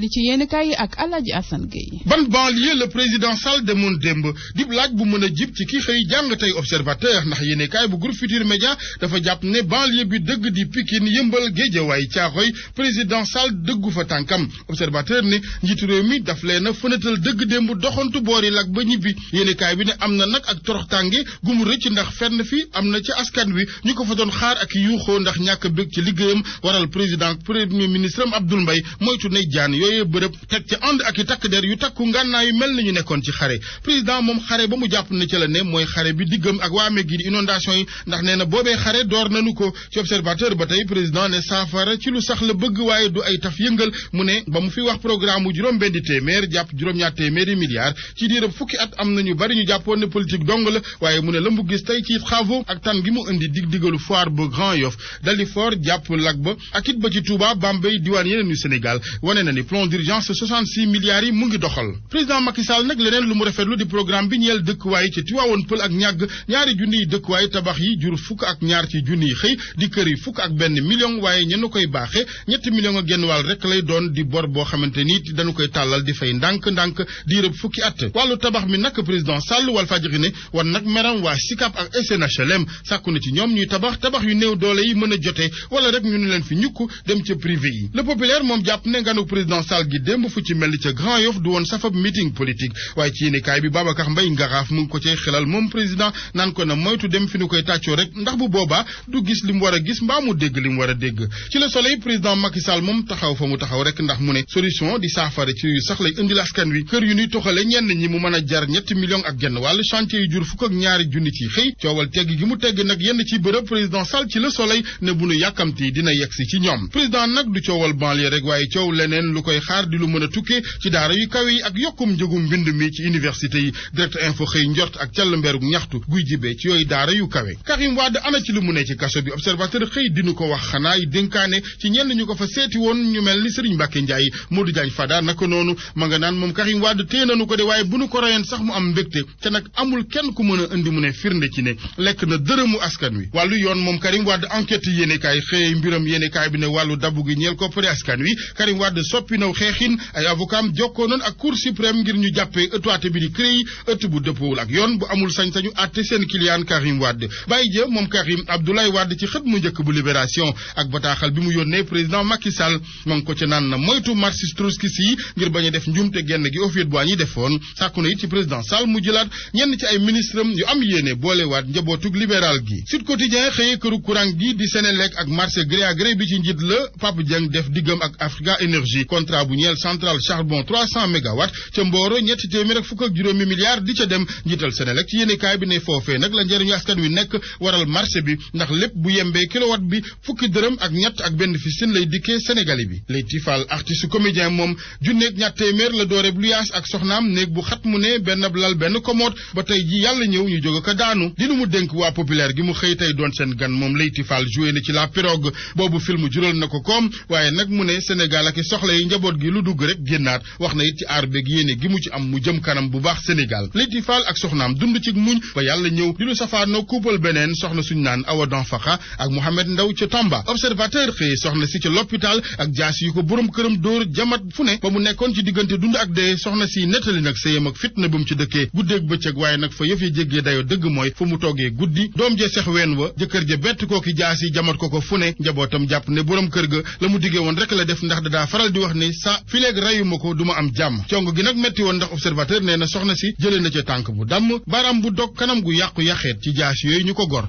li ci yenn kaay yi ak Alaaji Assane Gueye ban banlieue le président Sall demoon démb dib laaj bu mën a jib ci ki xëy jàng tey observateur ndax yenn kaay bu groupe Futur Média dafa jàpp ne banlieue bi dëgg di Pikine yëmbal Géejawaay Caaxoy président Sall dëggu fa tànkam observateur ne njiitu réew mi daf leen a fënatal dëgg demb doxantu boori lak ba ñibbi yenn kaay bi ne am na nag ak torox tànge gu mu rëcc ndax fenn fi am na ci askan wi ñu ko fa doon xaar ak yuuxoo ndax ñàkk a bëgg ci liggéeyam waral président premier ministre am Abdoul Mbaye moytu ne jaan yooyu yooyu bërëb teg ci ànd ak i takk der yu takku ngànnaayu mel nañu nekkoon ci xare président moom xare ba mu jàpp na ci la ne mooy xare bi diggam ak waa Amérique di inondation yi ndax nee na boobee xare door nañu ko ci observateur ba tey président ne saafara ci lu sax la bëgg waaye du ay taf yëngal mu ne ba mu fi wax programme mu juróom benn téeméer jàpp juróom-ñaar téeméeri milliards ci diirab fukki at am na ñu bari ñu jàppoon ne politique dong la waaye mu ne la mu gis tey ci travaux ak tan gi mu indi dig digalu foire ba Grand Yoff dali fort jàpp lag ba ak it ba ci Touba Bambey diwaan yeneen yu Sénégal fonds d'urgence 66 milliards yi mu ngi doxal président Macky Sall nag leneen lu mu rafetlu di programme bi ñeel dëkkuwaay ci Tivaouane Peulh ak ñàgg ñaari junniy dëkkuwaay tabax yi jur fukk ak ñaar ci junniy xëy di kër yi fukk ak benn million waaye ñenn koy baaxee ñetti million genn wàll rek lay doon di bor boo xamante ni dañu koy tàllal di fay ndànk-ndànk diirëb fukki at wàllu tabax mi nag président Sall Walfadjri ne war nag meram waa SICAP ak SNHLM sàkku na ci ñoom ñuy tabax tabax yu néew doole yi mën a jote wala rek ñu ne leen fi ñukk dem ca privé sall gi démb fu ci mel ca Grand Yoff du woon safab meeting politique waaye ci yéenekaay bi Babacar Mbaye Ngaraaf mu ngi ko cay xelal moom président naan ko na moytu dem fi nu koy tàccoo rek ndax bu boobaa du gis li mu a gis mbaa mu dégg li mu a dégg ci la Soleil président Macky Sall moom taxaw fa mu taxaw rek ndax mu ne solution di saafara ci yu sax lay indil askan wi kër yu nuy toxale ñenn ñi mu mën a jar ñetti millions ak genn wàll chantier yu jur fukk ak ñaari junni ci xëy coowal tegg gi mu tegg nag yenn ci bërëb président Sall ci Le Soleil ne bu nu yàkkamti dina yegsi ci koy xaar di lu mën a tukkee ci daara yu kaw yi ak yokkum njëgum mbind mi ci université yi direct info xëy njort ak càll mbeerug ñaxtu guy jibee ci yooyu daara yu kawe Karim Wade ana ci lu mu ne ci kaso bi observateur xëy dinu ko wax xanaay dénkaane ci ñenn ñu ko fa seeti woon ñu mel ni Serigne Mbacke Ndiaye Modou Diagne Fada naka noonu ma nga naan moom Karim Wade téye nanu ko de waaye bu nu ko rayoon sax mu am mbégte te nag amul kenn ku mën a indi mu ne firnde ci ne lekk na dërëmu askan wi aw xeexin ay avocat am jokkoonoon ak cour suprême ngir ñu jàppee ëttu àtte bi di CREI ëtt bu dëppoowul ak yoon bu amul sañ-sañu àtte seen client Karim Wade bàyyi jë moom Karim Abdoulaye Wade ci xët mu njëkk bu libération ak bataaxal bi mu yónnee président Macky Sall ma ko ci naan na moytu marxiste trotskiste yi ngir bañ a def njumte genn gi Houphouët-Boigny yi defoon sàkku na ci président Sall mu jëlaat ñenn ci ay ministre am yu am yéene boolewaat njabootug libéral gi Sud Quotidien xëyee këru courant gi di Senelec ak marché gré à gré bi ci njiit la Pape Dieng def diggam ak Africa Énergie contrat bu ñeel centrale charbon 300 ca Mboro ñetti di ca dem njiital Senelec ci yéenekaay bi ne foofee nag la njëriñu askan wi nekk waral marché bi ndax lépp bu yembee kilowatt bi fukki dërëm ak ñett ak benn fisin lay dikkee Sénégalais bi Leyti Fall comédien moom junneeg ñatt téeméer la dooreb lu yaas ak soxnaam néeg bu xat mu ne benn lal benn komoot ba tey ji yàlla ñëw ñu jóg ko daanu di mu dénk waa populaire gi mu xëy tey doon seen gan moom njaboot gi lu dugg bu baax Sénégal Leyti Fall ak soxnaam dund ci muñ ba yàlla ñëw di lu safaanoo kuubal beneen soxna suñ naan Awa Danfaxa ak Mohamed Ndaw ca Tamba observateur xëy soxna si ca l'hôpital ak jaas yu ko borom këram dóor jamat fu ne ba mu nekkoon ci diggante dund ak dee soxna si nettali nag séyam ak fitna bu mu ci dëkkee guddeeg bëccëg waaye nag fa yëf ya jéggee dayo dëgg mooy fu mu toggee guddi doom ja sex ween wa jëkkër ja bett kooki jaas jamat ko ko fu ne njabootam jàpp ne borom kër ga la mu diggee woon rek la def ndax dadaa faral di wax ne day sa fileeg rayu ko duma am jàmm cong gi nag metti woon ndax observateur nee na soxna si jëlee na ca tànk bu damm baram bu dog kanam gu yàqu yàqet ci jaas yooyu ñu ko gor